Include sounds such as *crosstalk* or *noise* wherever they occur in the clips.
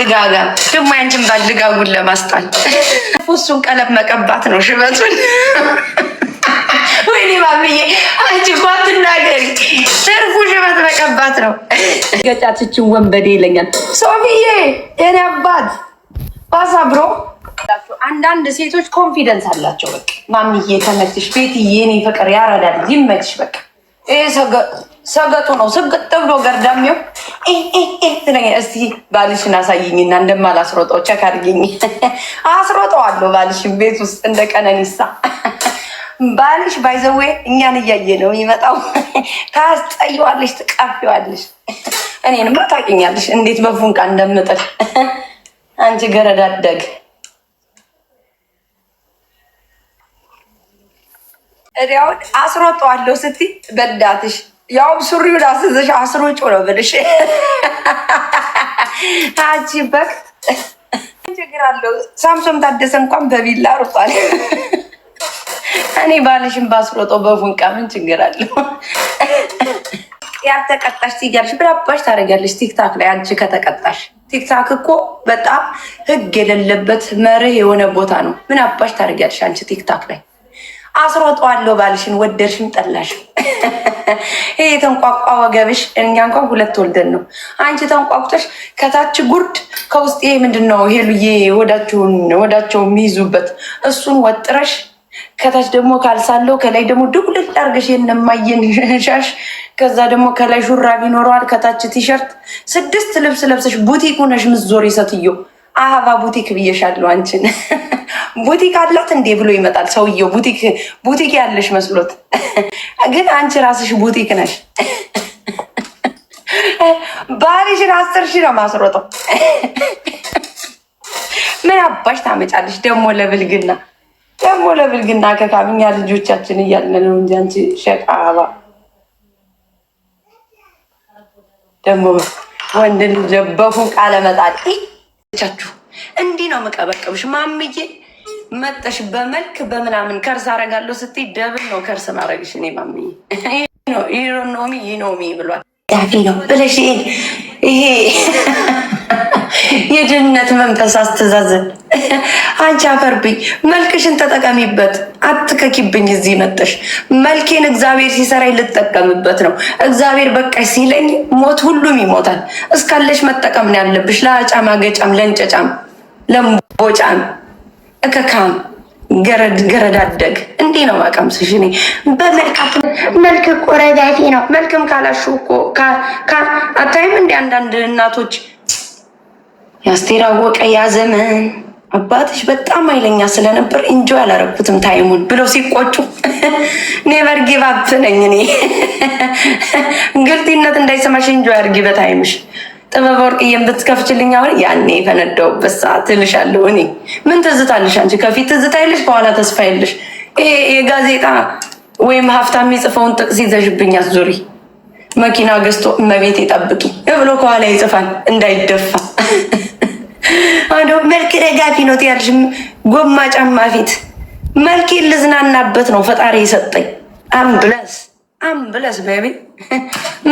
ልጋጋ ደግሞ ያንቺን ባል ልጋጉን ለማስጣል እሱን ቀለም መቀባት ነው ሽበቱን። ወይኔ ባብዬ አንቺ እኮ አትናገሪ፣ ትርፉ ሽበት መቀባት ነው። ገጫችችን ወንበዴ ይለኛል ሶፊዬ። የኔ አባት ባሳ ብሮ አንዳንድ ሴቶች ኮንፊደንስ አላቸው። በቃ ማምዬ ተመችሽ፣ ቤትዬ የኔ ፍቅር ያረዳል፣ ይመችሽ በቃ ይህ ሰገጡ ነው። ስግጥ ብሎ ገርዳሚው እስቲ ባልሽን አሳይኝና እንደማላስሮጠው ቸክ አድርጊኝ። *laughs* አስሮጠዋለሁ ባልሽን ቤት ውስጥ እንደ ቀነኒሳ *laughs* ባልሽ ባይዘዌ እኛን እያየ ነው የሚመጣው። *laughs* ታስጠይዋለሽ፣ ትቃፊዋለሽ። እኔንማ ታውቂኛለሽ እንዴት በፉንቃ እንደምጥል አንቺ ገረዳደግ እዲያውን አስሮጠዋለሁ ስትይ በዳትሽ ያውም ሱሪውን አስዘሽ አስሮጮ ነው ብልሽ አንቺ በክት ችግር አለው። ሳምሶም ታደሰ እንኳን በቢላ ሩጧል። እኔ ባልሽን ባስሮጠው በፉንቃ ምን ችግር አለው? ያልተቀጣሽ ትይያለሽ። ምን አባሽ ታደርጊያለሽ? ቲክታክ ላይ አንቺ ከተቀጣሽ ቲክታክ እኮ በጣም ህግ የሌለበት መርህ የሆነ ቦታ ነው። ምን አባሽ ታደርጊያለሽ አንቺ ቲክታክ ላይ አስሮጠዋለሁ ባልሽን፣ ወደድሽም ጠላሽም። *laughs* ይሄ የተንቋቋ ወገብሽ፣ እኛ እንኳን ሁለት ወልደን ነው። አንቺ ተንቋቁተሽ ከታች ጉርድ ከውስጥ ይሄ ምንድን ነው? ሄሉዬ ወዳቸውን ወዳቸው የሚይዙበት እሱን ወጥረሽ ከታች ደግሞ ካልሳለው ከላይ ደግሞ ድጉልል አርገሽ የነማየን ሻሽ፣ ከዛ ደግሞ ከላይ ሹራብ ይኖረዋል፣ ከታች ቲሸርት፣ ስድስት ልብስ ለብሰሽ ቡቲክ ሆነሽ ምዞር ይሰትየው አህባ ቡቲክ ብዬሻለሁ። አንቺን ቡቲክ አላት እንዴ ብሎ ይመጣል ሰውየው። ቡቲክ ቡቲክ ያለሽ መስሎት፣ ግን አንቺ ራስሽ ቡቲክ ነሽ። ባልሽን አስር ሺህ ነው ማስሮጠው። ምን አባሽ ታመጫለሽ ደግሞ ለብልግና ደግሞ ለብልግና ከካምኛ ልጆቻችን እያለ ነው እንጂ አንቺ ሸቃ አባ ደግሞ ወንድን ጀበፉ ቃለ መጣል ቻችሁ እንዲህ ነው መቀበቀብሽ ማምዬ መጠሽ በመልክ በምናምን ከርስ አረጋለሁ ስትይ ደብል ነው ከርስ ማረግሽ እኔ ማምዬ ይኖሚ ይኖሚ ብሏል ዳፊ ነው ብለሽ ይሄ የድህነት መንፈስ አስተዛዘን። አንቺ አፈርብኝ፣ መልክሽን ተጠቀሚበት፣ አትከኪብኝ። እዚህ መጠሽ መልኬን እግዚአብሔር ሲሰራኝ ልጠቀምበት ነው። እግዚአብሔር በቃ ሲለኝ ሞት ሁሉም ይሞታል። እስካለሽ መጠቀም ነው ያለብሽ። ለአጫም አገጫም፣ ለእንጨጫም፣ ለምቦጫም፣ እከካም ገረድ ገረድ አደግ እንዲህ ነው መቀምስሽ። እኔ በመልካት መልክ እኮ ነው። መልክም ካላሹ እኮ አታይም እንዲ አንዳንድ እናቶች የአስቴር አወቀ ያ ዘመን አባትሽ በጣም ኃይለኛ ስለነበር እንጆ ያላረኩትም ታይሙን ብለው ሲቆጩ ኔቨር ጊቭ አፕ ነኝ እኔ። *laughs* ግልቲነት እንዳይሰማሽ እንጆ ያርጊ በታይምሽ። ጥበብ ወርቅዬን ብትከፍችልኝ አሁን ያኔ የፈነዳውበት ሰዓት እልሻለሁ እኔ። ምን ትዝታልሽ አንቺ? ከፊት ትዝታ የለሽ ከኋላ ተስፋ የለሽ። የጋዜጣ ወይም ሀብታም የሚጽፈውን ጥቅስ ይዘሽብኝ አትዙሪ። መኪና ገዝቶ እመቤት የጠብቂ ብሎ ከኋላ ይጽፋል እንዳይደፋ *laughs* እንደው መልክ ደጋፊ ነው ትያለሽ፣ ጎማ ጫማ ፊት መልክ ልዝናናበት ነው ፈጣሪ የሰጠኝ። አምብለስ አምብለስ ቤቢ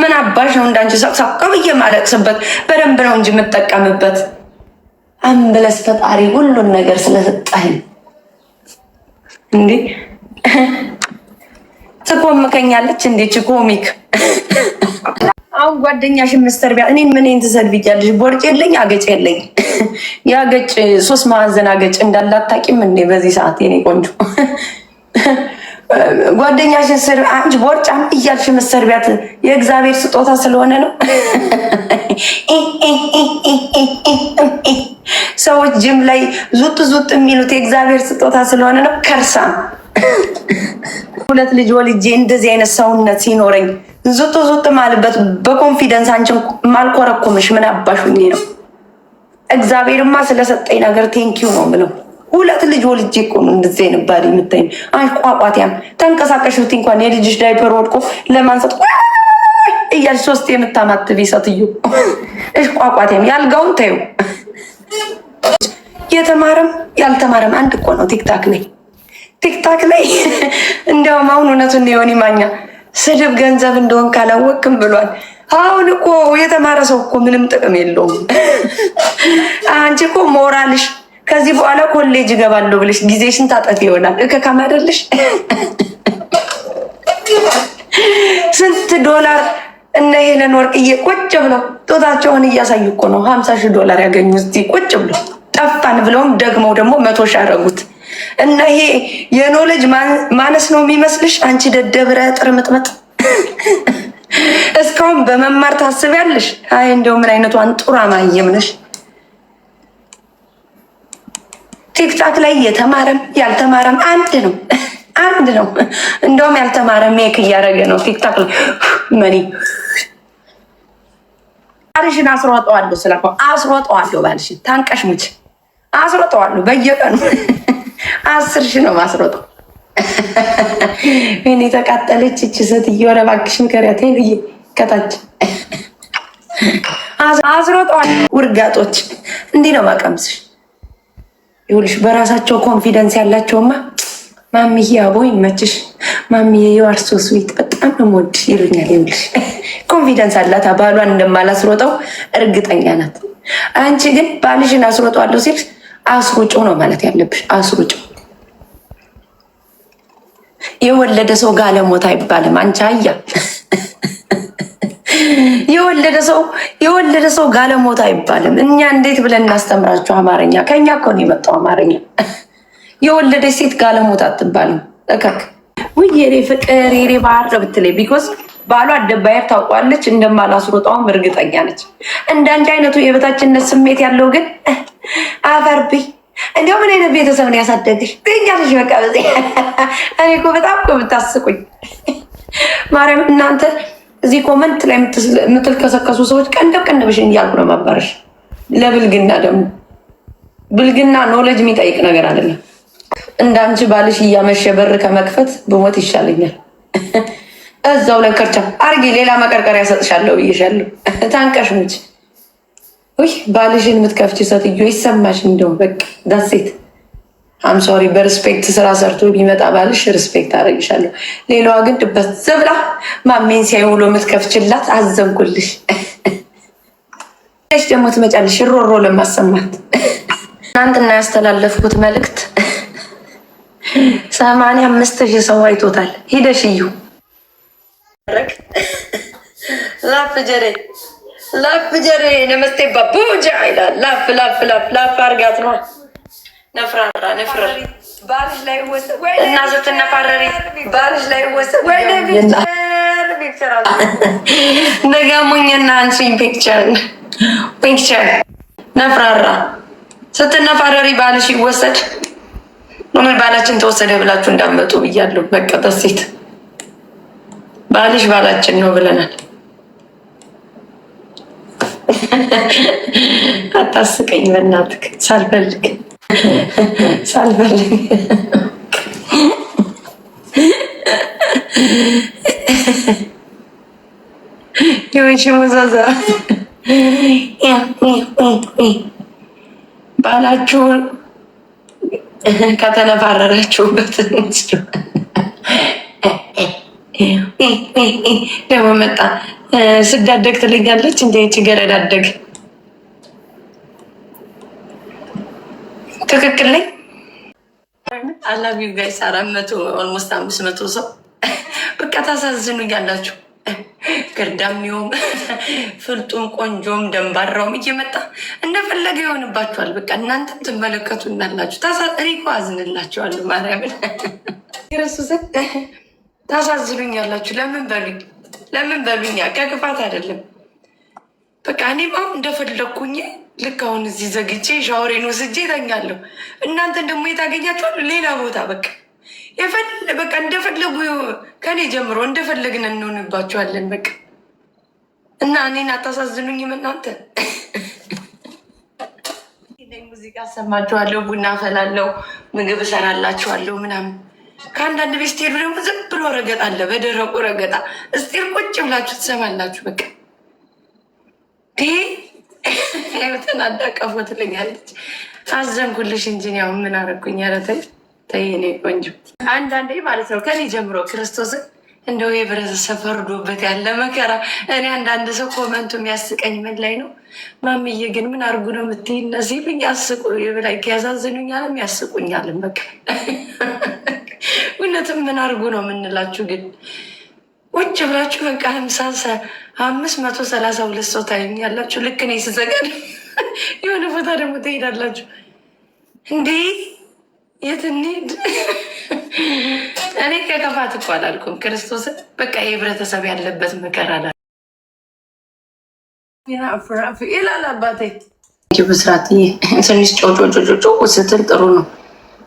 ምን አባሽ ነው እንዳንቺ ሳቅሳቅ ብዬ ማለቅስበት? በደንብ ነው እንጂ የምጠቀምበት። አምብለስ ፈጣሪ ሁሉን ነገር ስለሰጠኝ እንዴ ትኮምከኛለች እንዴ ኮሚክ አሁን ጓደኛሽን ምስተር ቢያ እኔን ምን ምንን ትሰድብያለሽ? ቦርጭ የለኝ አገጭ የለኝ። የአገጭ ሶስት ማዕዘን አገጭ እንዳለ እንዳላታቂም እንዴ በዚህ ሰዓት የኔ ቆንጆ ጓደኛሽን ስር አንቺ ቦርጫም እያልሽ ምስተር ቢያት የእግዚአብሔር ስጦታ ስለሆነ ነው። ሰዎች ጅም ላይ ዙጥ ዙጥ የሚሉት የእግዚአብሔር ስጦታ ስለሆነ ነው። ከርሳ ሁለት ልጅ ወልጄ እንደዚህ አይነት ሰውነት ሲኖረኝ ዞቶ ዞቶ ማለበት በኮንፊደንስ አንቺን ማልኮረኩምሽ ምን አባሹኝ ነው። እግዚአብሔርማ ስለሰጠኝ ነገር ቴንኪው ነው ምለው። ሁለት ልጅ ወልጄ እኮ ነው እንደዚህ አይነት ባል የምታይ። አንቺ ቋቋትያም ተንቀሳቀሽ ብትይ እንኳን የልጅሽ ዳይፐር ወድቆ ለማንሳት እያልሽ ሶስት የምታማትቢ ሴትዮ እሽ፣ ቋቋትያም ያልጋውን ተይው። የተማረም ያልተማረም አንድ እኮ ነው። ቲክታክ ላይ ቲክታክ ላይ እንዲያውም አሁን እውነቱን የሆን ይማኛ ስድብ ገንዘብ እንደሆን ካላወቅም ብሏል። አሁን እኮ የተማረ ሰው እኮ ምንም ጥቅም የለውም። *laughs* አንቺ እኮ ሞራልሽ ከዚህ በኋላ ኮሌጅ እገባለሁ ብለሽ ጊዜሽን ታጠፊ ይሆናል። እከካም አይደለሽ? *laughs* ስንት ዶላር እነ ሄለን ወርቅዬ ቁጭ ብለው ጦታቸውን እያሳዩ እኮ ነው ሀምሳ ሺህ ዶላር ያገኙ ቁጭ ብለው ጠፋን ብለውም ደግመው ደግሞ መቶ ሺህ እና ይሄ የኖሌጅ ማነስ ነው የሚመስልሽ? አንቺ ደደብረ ጥርምጥምጥ እስካሁን በመማር ታስቢያለሽ? አይ እንደው ምን አይነቱ አንጡራ ማየም ነሽ? ቲክታክ ላይ የተማረም ያልተማረም አንድ ነው፣ አንድ ነው። እንደውም ያልተማረ ሜክ እያደረገ ነው ቲክታክ ላይ መኒ ባልሽን አስሮጠዋለሁ ስላልኩ አስሮጠዋለሁ። ባልሽን ታንቀሽ ሙች አስሮጠዋለሁ በየቀኑ አስር ሺ ነው ማስሮጠው። እኔ ተቃጠለች እች ሴትዮ። ኧረ እባክሽ ምከሪያት ብዬ ከታች አስሮጠዋል። ውርጋጦች እንዲህ ነው ማቀምስሽ። ይኸውልሽ በራሳቸው ኮንፊደንስ ያላቸውማ ማሚዬ አቦ ይመችሽ፣ ማሚዬ ዩ አር ሶ ስዊት በጣም ሞድ ይሉኛል። ይኸውልሽ ኮንፊደንስ አላት። ባሏን እንደማላስሮጠው እርግጠኛ ናት። አንቺ ግን ባልሽን አስሮጠዋለሁ ሲል አስሩጭው ነው ማለት ያለብሽ። አስሩጭው የወለደ ሰው ጋለሞታ አይባልም። አንቺ አያ የወለደ ሰው የወለደ ሰው ጋለሞታ አይባልም። እኛ እንዴት ብለን እናስተምራችሁ? አማርኛ ከኛ እኮ ነው የመጣው አማርኛ። የወለደች ሴት ጋለሞታ አትባልም። እከክ ውይ የኔ ፍቅር የኔ ባህር ብትለይ ቢኮዝ ባሏ ደባየር ታውቋለች፣ እንደማላስሮጣውም እርግጠኛ ነች። እንዳንቺ አይነቱ የበታችነት ስሜት ያለው ግን አፈርቢ እንዲያው ምን አይነት ቤተሰብ ነው ያሳደግሽ ትኛለሽ። በቃ በዚህ እኔ እኮ በጣም እኮ የምታስቁኝ ማርያም። እናንተ እዚህ ኮመንት ላይ የምትልከሰከሱ ሰዎች ቀንደብ ቀንደብሽን እያልኩ ነው ማባረሽ። ለብልግና ደግሞ ብልግና ኖለጅ የሚጠይቅ ነገር አይደለም። እንዳንቺ ባልሽ እያመሸ በር ከመክፈት ብሞት ይሻለኛል። እዛው ለንከርቻ ከርቻ አርጊ፣ ሌላ መቀርቀሪያ እሰጥሻለሁ ብዬሻለሁ። *laughs* ታንቀሽ ሙች ውይ ባልሽን የምትከፍች ሴትዮ ይሰማሽ። እንደው በቃ ዳሴት አምሶሪ በሪስፔክት ስራ ሰርቶ ቢመጣ ባልሽ ሪስፔክት አረግሻለሁ። ሌላዋ ግን ድበት ዘብላ ማሜን ሲያይ ውሎ የምትከፍችላት አዘንኩልሽ። ሽ *laughs* ደግሞ ትመጫለሽ ሮሮ ለማሰማት *laughs* ትናንትና ያስተላለፍኩት መልእክት ሰማንያ አምስት ሺህ ሰው አይቶታል። ሂደሽ እዩ ላፍ ጀሬ ላፍ ጀሬ ነመስቴ ይላል። ላፍ ላፍ ላፍ ላፍ አርጋት ነው ነፍራራ ነፍራራ ባልሽ ላይ ወሰ ወይ እና ስትነፋረሪ ባልሽ ላይ ወሰ ወይ ፒክቸር አለ ነፍራራ ስትነፋረሪ ባልሽ ይወሰድ ምን ባላችን ተወሰደ ብላችሁ እንዳመጡ ብያለሁ። በቃ ተሴት ባልሽ ባላችን ነው ብለናል። አታስቀኝ በእናትህ ሳልፈልግ ሳልፈልግ የወይሽ ሙዛዛ ባላችሁን ከተነፋረራችሁበት ደግሞ መጣ። ስዳደግ ትለኛለች እንደ ይቺ ገረድ አደግ። ትክክል ነኝ። አላቪ ጋይስ አራት መቶ ኦልሞስት አምስት መቶ ሰው *laughs* በቃ ታሳዝኑ እያላችሁ *laughs* ግርዳሚውም *laughs* ፍልጡም ቆንጆም ደንባራውም እየመጣ እንደፈለገ ይሆንባችኋል። በቃ እናንተም ትመለከቱ እናላችሁ። እኔ እኮ አዝንላችኋለሁ ማርያምን ረሱ ታሳዝኑኝ ያላችሁ ለምን በሉኝ፣ ለምን በሉኝ። ከክፋት አይደለም። በቃ እኔ ማም እንደፈለግኩኝ ልክ አሁን እዚህ ዘግቼ ሻወሬን ወስጄ እተኛለሁ። እናንተን ደግሞ የታገኛችኋል ሌላ ቦታ በቃ በቃ እንደፈለጉ ከኔ ጀምሮ እንደፈለግን እንሆንባቸዋለን በቃ እና እኔን አታሳዝኑኝም እናንተ። *laughs* ሙዚቃ ሰማችኋለሁ፣ ቡና ፈላለሁ፣ ምግብ እሰራላችኋለሁ ምናምን ከአንዳንድ ቤት ስትሄዱ ደግሞ ዝም ብሎ ረገጣ አለ። በደረቁ ረገጣ እስጢር ቁጭ ብላችሁ ትሰማላችሁ። በቃ ተናዳ ቀፎ ትለኛለች። አዘንኩልሽ እንጂ ያው ምን አደረኩኝ? ኧረ ተይ ተይ የእኔ ቆንጆ። አንዳንዴ ማለት ነው ከኔ ጀምሮ ክርስቶስን እንደው የህብረተሰብ ፈርዶበት ያለ መከራ። እኔ አንዳንድ ሰው ኮመንቱ የሚያስቀኝ ምን ላይ ነው ማምዬ ግን ምን አርጉ ነው የምትይ? እነዚህ ያስቁ ላይ ያሳዝኑኛልም ያስቁኛልም በቃ እውነትም ምን አድርጉ ነው የምንላችሁ? ግን ቁጭ ብላችሁ በቃ ሀምሳ አምስት መቶ ሰላሳ ሁለት ሰው ታይም ያላችሁ ልክ እኔ ስዘጋድ *laughs* የሆነ ቦታ ደግሞ ትሄዳላችሁ። እንዴ የት እንሂድ? እኔ ከከፋት እኮ አላልኩም። ክርስቶስን በቃ የህብረተሰብ ያለበት መከራ ላ ይላል አባቴ ብስራት ትንሽ ጮጮጮጮጮ ስትል ጥሩ ነው።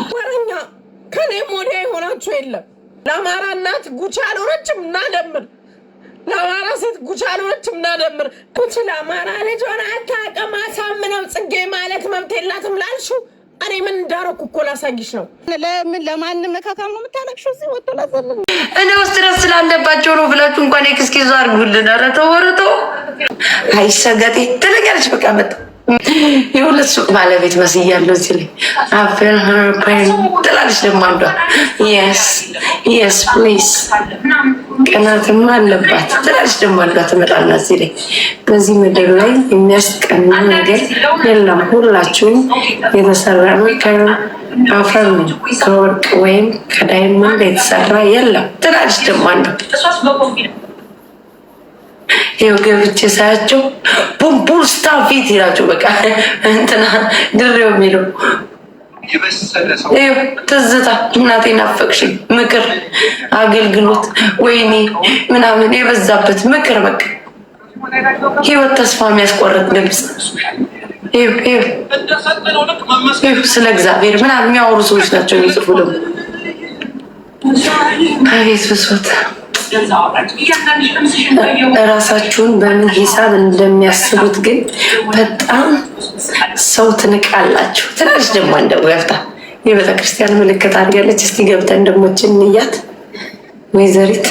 አማርኛ ከኔም ወዲያ የሆናችሁ የለም። ለአማራ እናት ጉቻ አልሆነችም እናደምር፣ ለአማራ ሴት ጉቻ አልሆነችም እናደምር። ጉች ለአማራ ልጅ ሆነ አታውቅም። አሳምነው ጽጌ ማለት መብት የላትም ላልሹ እኔ ምን እንዳረኩ እኮ ላሳይሽ ነው። ለምን ለማንም መካከል ነው የምታለቅሽው? እዚህ ወጥቶ ላዘልን እኔ ውስጥ ደስ ስላለባቸው ነው ብላችሁ እንኳን ኤክስኪዝ አድርጉልን። ኧረ ተወው ኧረ ተወው አይሰገጤ ትለኛለች በቃ መጣ የሁለት ሱቅ ባለቤት መስያለሁ። እዚህ ላይ አብረን ጥላለች። ደግሞ አንዷ የስ የስ ፕሊስ ቀናትማ አለባት ጥላለች። ደግሞ አንዷ ትመጣና እዚህ ላይ በዚህ ምድር ላይ የሚያስቀና ነገር የለም። ሁላችሁም የተሰራ ነው ከአፈር ነው ከወርቅ ወይም ከዳይመንድ የተሰራ የለም። ጥላለች ደግሞ አንዷ ይኸው ገብቼ ሳያቸው ቡንቡልስታ ፊት ይላቸው በቃ እንትና ድሬው የሚለው ትዝታ እናቴ ናፈቅሽ ምክር አገልግሎት፣ ወይኔ ምናምን የበዛበት ምክር በቃ ህይወት ተስፋ የሚያስቆርጥ ድምፅ ስለ እግዚአብሔር ምናምን የሚያወሩ ሰዎች ናቸው የሚጽፉ ደግሞ ከቤት ብሶት እራሳችሁን በምን ሂሳብ እንደሚያስቡት ግን በጣም ሰው ትንቃላችሁ። ትናሽ ደግሞ እንደው ገብታ የቤተክርስቲያን ምልክት አድርጋለች። እስቲ ገብተን ደሞችን እንያት ወይዘሪት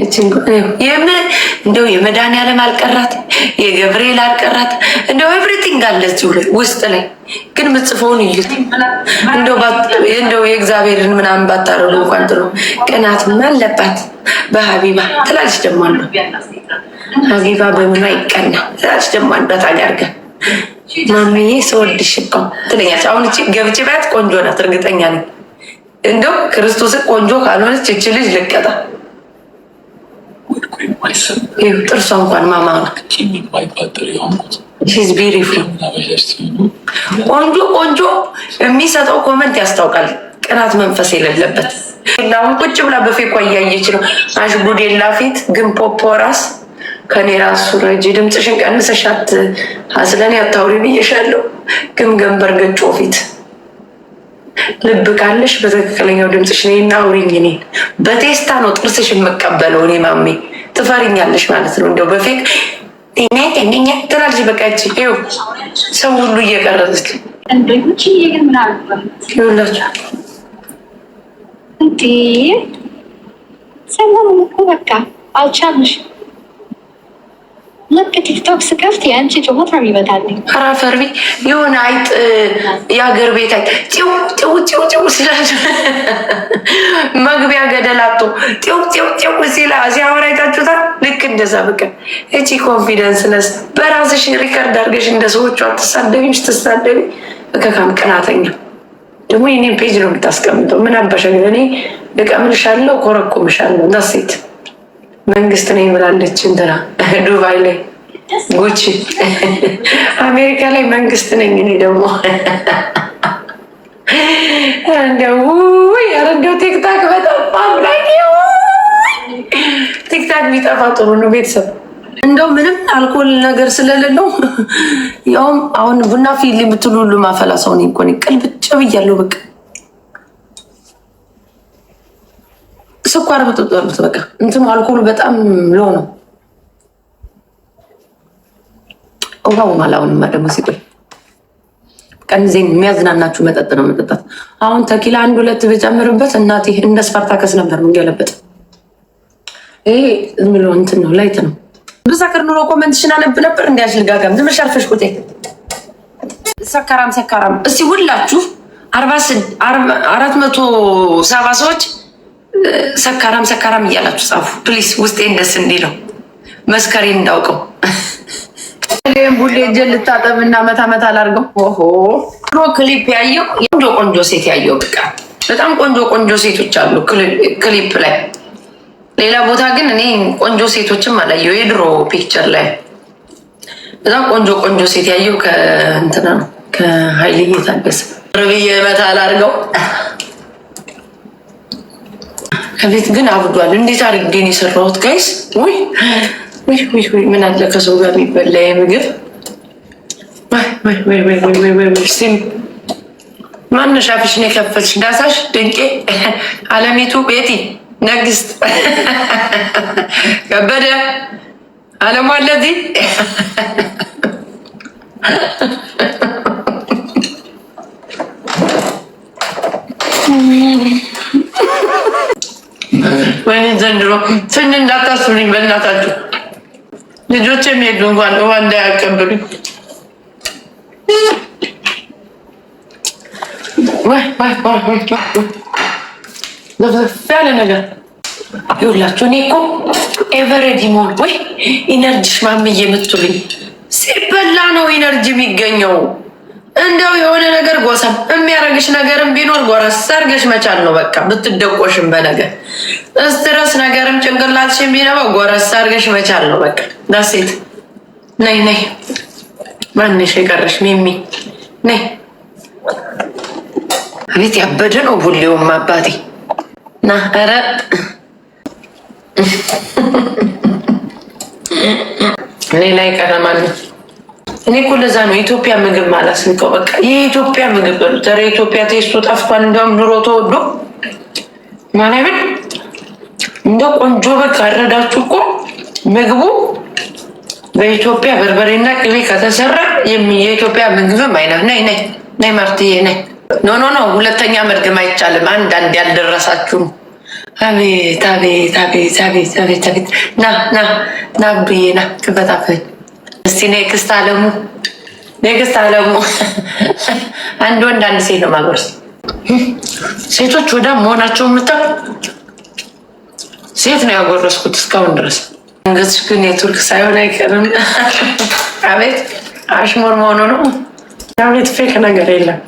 እንደው የመድኃኒዓለም አልቀራት የገብርኤል አልቀራት፣ እንደው ኤቭሪቲንግ አለችው ውስጥ ላይ ግን ምጽፎውን እዩ። እንደው የእግዚአብሔርን ምናምን ባታረጉ እንኳን ጥሩ። ቅናት አለባት በሀቢባ ትላለች። ደግሞ አሉ ሀቢባ በምኗ ይቀና ትላለች። ደግሞ አንዷት አጋር ማሚዬ ስወድሽ እኮ ትለኛለች። አሁን ገብቼ ባት ቆንጆ ናት፣ እርግጠኛ ነኝ። እንደው ክርስቶስን ቆንጆ ካልሆነች እች ልጅ ልቀጣ ጥርሷ እንኳን ማማ ቆንጆ ቆንጆ የሚሰጠው ኮመንት ያስታውቃል። ቅናት መንፈስ የሌለበት ቁጭ ብላ በፌኳ እያየች ነው። አሽ ጉዴላ ፊት ግን ፖፖ ራስ ከኔ ራሱ ረጅ ድምፅሽን ቀንሰሻት አስለን ያታውሪ ብዬሻለሁ። ግን ገንበር ገጮ ፊት ልብ ካለሽ በትክክለኛው ድምፅሽ እኔን አውሪኝ። እኔን በቴስታ ነው ጥርስሽ የምቀበለው እኔ ማሜ ትፈሪኛለሽ ማለት ነው። እንደው በፌክ ኛኛ ትላለች። በቃ እቺ ይኸው ሰው ሁሉ እየቀረጸች ይኸውላችሁ እንዴ ሰላም እኮ በቃ አልቻልሽ ልክ ቲክቶክ ስከፍት የአንቺ ጭሆት ነው ራፈርቢ የሆነ አይጥ የአገር ቤት አይጥ ጭው ጭው ጭው ጭው *laughs* መግቢያ ገደላቶ ጭው ጭው ጭው ሲላ ሲያወራ አይታችሁታል። ልክ እንደዛ እቺ ኮንፊደንስ ነስ በራስሽ ሪከርድ አድርገሽ እንደ ሰዎቹ አትሳደቢም። ስትሳደቢ እከካም ቅናተኛ ደግሞ የኔን ፔጅ ነው የምታስቀምጠው። ምን አባሻ እኔ ልቀምልሻለሁ፣ ዳሴት መንግስት ነኝ ብላለች እንትና ዱባይ ላይ ጉቺ፣ አሜሪካ ላይ መንግስት ነኝ። እኔ ደግሞ እንደው ያረንደው ቲክታክ በጣም ቲክታክ ቢጠፋ ጥሩ ነው ቤተሰብ እንደው ምንም አልኮል ነገር ስለሌለው ያውም አሁን ቡና ፊል ብትሉ ሁሉ ማፈላ ሰውን ይኮን ቅልብጭ ብያለሁ በቃ ስኳር ብትጠሩት በቃ እንትም አልኮሉ በጣም ሎ ነው። ውሃው ማላውን ደግሞ ሲቆይ ቀን ዜ የሚያዝናናችሁ መጠጥ ነው መጠጣት። አሁን ተኪላ አንድ ሁለት ብጨምርበት እናቴ እንደ ስፓርታከስ ነበር ነው እንዲያለበት። ይሄ ዝም እንትን ነው ላይት ነው። ብሰክር ኑሮ ኮመንትሽን አነብ ነበር እንዲያሽል ጋጋም ዝም ሸርፈሽ ቁጤ ሰካራም ሰካራም። እስቲ ሁላችሁ አራት መቶ ሰባ ሰዎች ሰካራም ሰካራም እያላችሁ ጻፉ ፕሊስ፣ ውስጤን ደስ እንዲለው መስከሬን እንዳውቀው። ቡሌ እጄን ልታጠብ እና መት መታ አላርገው። ኦሆ ድሮ ክሊፕ ያየው ቆንጆ ቆንጆ ሴት ያየው በቃ በጣም ቆንጆ ቆንጆ ሴቶች አሉ ክሊፕ ላይ። ሌላ ቦታ ግን እኔ ቆንጆ ሴቶችም አላየው። የድሮ ፒክቸር ላይ በጣም ቆንጆ ቆንጆ ሴት ያየው ከእንትና ነው ከሀይልዬ ታደሰ ርብዬ መት አላርገው ከቤት ግን አብዷል። እንዴት አድርጌን የሰራሁት ጋይስ! ወይ ወይ ወይ ወይ ምን አለ ከሰው ጋር የሚበላ የምግብ ማነሽ? አፍሽን የከፈትሽ ዳሳሽ ድንቄ አለሚቱ ቤቲ ነግስት ከበደ አለሟ ለዚህ *laughs* ወይኔ ዘንድሮ ትን እንዳታስብልኝ በእናታችሁ ልጆች የሚሄዱ እንኳን ውሃ እንዳያቀብሉኝ። ዘፍዘፍ ያለ ነገር ይውላችሁ። እኔ እኮ ኤቨሬዲ ሞል ወይ ኢነርጂሽ ማምዬ የምትሉኝ ሲበላ ነው ኢነርጂ የሚገኘው። እንደው የሆነ ነገር ጎሰም የሚያደርግሽ ነገርም ቢኖር ጎረስ ሰርገሽ መቻል ነው። በቃ ብትደቆሽም በነገር እስትረስ ነገርም ጭንቅላትሽ የሚነባው ጎረስ ሰርገሽ መቻል ነው። በቃ ዳሴት ነይ ነይ፣ ማንሽ የቀረሽ ሚሚ ነይ። አቤት ያበደ ነው ቡሌውም አባቴ ና ኧረ ሌላ ይቀረማለች እኔ እኮ ለዛ ነው የኢትዮጵያ ምግብ ማለት ማላስንቀው። በቃ ይህ ኢትዮጵያ ምግብ ነው። ዛሬ የኢትዮጵያ ቴስቶ ጠፍቷል። እንዲያውም ኑሮ ተወዶ ማለብን እንደ ቆንጆ በግ አረዳችሁ እኮ ምግቡ በኢትዮጵያ በርበሬና ቅቤ ከተሰራ የኢትዮጵያ ምግብም አይነት ነይ ነይ ነይ ማርትዬ ነይ። ኖ ኖ ኖ፣ ሁለተኛ መድገም አይቻልም። አንዳንድ ያልደረሳችሁም አቤት አቤት አቤት አቤት አቤት አቤት ና ና ና ብዬ ና ክበታፈኝ እስቲ ኔክስት አለሙ ኔክስት አለሙ አንድ ወንድ አንድ ሴት ነው ማጎርስ። ሴቶች ወዳ መሆናቸው ምታ ሴት ነው ያጎረስኩት እስካሁን ድረስ። እንግዲህ ግን የቱርክ ሳይሆን አይቀርም። አቤት አሽሞር መሆኑ ነው። አቤት ፌክ ነገር የለም።